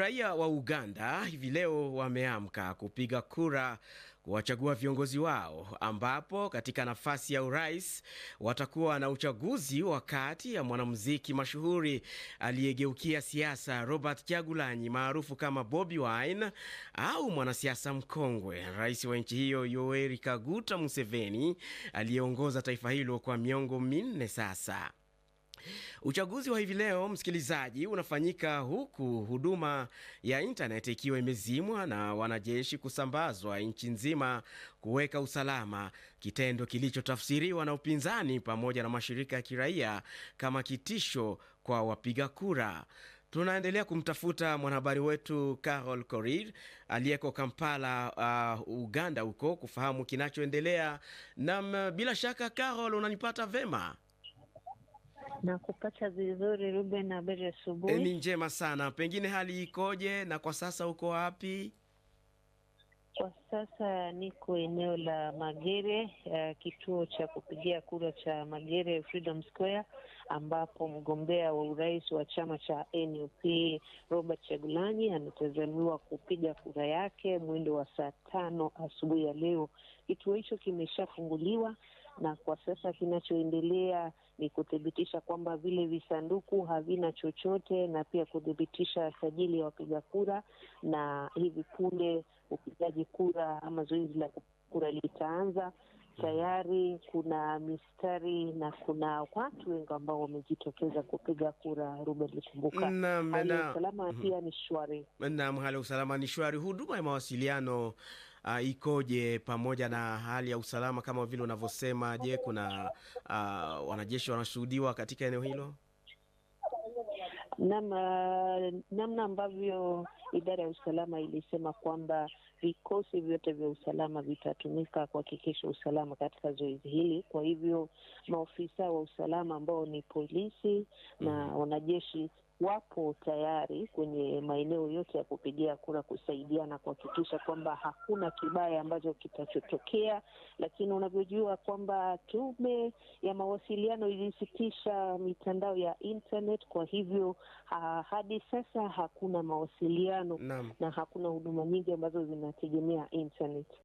Raia wa Uganda hivi leo wameamka kupiga kura kuwachagua viongozi wao, ambapo katika nafasi ya urais watakuwa na uchaguzi wa kati ya mwanamuziki mashuhuri aliyegeukia siasa Robert Kyagulanyi maarufu kama Bobi Wine au mwanasiasa mkongwe rais wa nchi hiyo Yoweri Kaguta Museveni aliyeongoza taifa hilo kwa miongo minne sasa. Uchaguzi wa hivi leo msikilizaji, unafanyika huku huduma ya internet ikiwa imezimwa na wanajeshi kusambazwa nchi nzima kuweka usalama, kitendo kilichotafsiriwa na upinzani pamoja na mashirika ya kiraia kama kitisho kwa wapiga kura. Tunaendelea kumtafuta mwanahabari wetu Carol Korir aliyeko Kampala, uh, Uganda huko kufahamu kinachoendelea. Na bila shaka Carol, unanipata vema? na kupata vizuri Ruben, habari asubuhi. Ni njema sana. Pengine hali ikoje na kwa sasa uko wapi? Kwa sasa niko eneo la Magere, uh, kituo cha kupigia kura cha Magere Freedom Square, ambapo mgombea wa urais wa chama cha NUP Robert Chagulanyi anatazamiwa kupiga kura yake mwendo wa saa tano asubuhi ya leo. Kituo hicho kimeshafunguliwa na kwa sasa kinachoendelea ni kuthibitisha kwamba vile visanduku havina chochote, na pia kuthibitisha sajili ya wapiga kura, na hivi punde upigaji kura kuanza ama zoezi la kura litaanza, tayari kuna mistari na kuna watu wengi ambao wamejitokeza kupiga kura. Ruben Likumbuka, hali ya usalama mhm. pia ni shwari. Naam, hali ya usalama ni shwari. Huduma ya mawasiliano uh, ikoje pamoja na hali ya usalama kama vile unavyosema? Je, kuna uh, wanajeshi wanashuhudiwa katika eneo hilo? namna uh, namna ambavyo idara ya usalama ilisema kwamba vikosi vyote vya usalama vitatumika kuhakikisha usalama katika zoezi hili. Kwa hivyo maofisa wa usalama ambao ni polisi na mhm. wanajeshi wapo tayari kwenye maeneo yote ya kupigia kura kusaidiana kuhakikisha kwamba hakuna kibaya ambacho kitachotokea, lakini unavyojua kwamba tume ya mawasiliano ilisitisha mitandao ya internet, kwa hivyo ha, hadi sasa hakuna mawasiliano na hakuna huduma nyingi ambazo zinategemea internet.